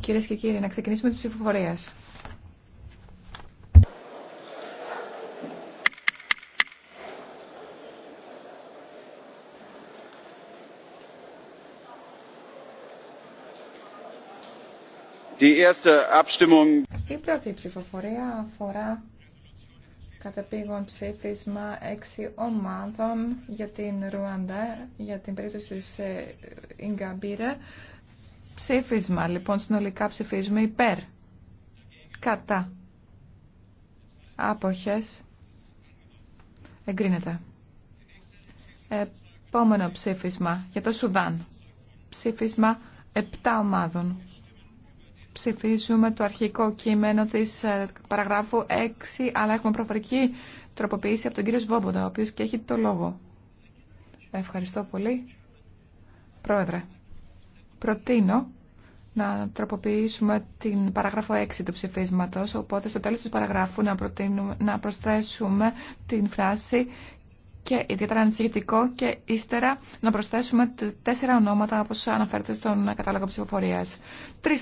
Κυρίες και κύριοι, να ξεκινήσουμε τις ψηφοφορίες. Η πρώτη ψηφοφορία αφορά καταπήγον ψήφισμα έξι ομάδων για την Ρουάντα, για την περίπτωση της ε, Ιγκαμπίρα. Ψήφισμα, λοιπόν, συνολικά ψηφίζουμε υπέρ, κατά, άποχες, εγκρίνεται. Επόμενο ψήφισμα για το Σουδάν. Ψήφισμα επτά ομάδων ψηφίσουμε το αρχικό κείμενο της ε, παραγράφου 6, αλλά έχουμε προφορική τροποποίηση από τον κύριο Σβόμποντα, ο οποίος και έχει το λόγο. Ευχαριστώ πολύ. Πρόεδρε, προτείνω να τροποποιήσουμε την παραγράφο 6 του ψηφίσματος, οπότε στο τέλος της παραγράφου να, προτείνουμε, να προσθέσουμε την φράση και ιδιαίτερα ανησυχητικό και ύστερα να προσθέσουμε τέσσερα ονόματα όπως αναφέρεται στον κατάλογο ψηφοφορίας.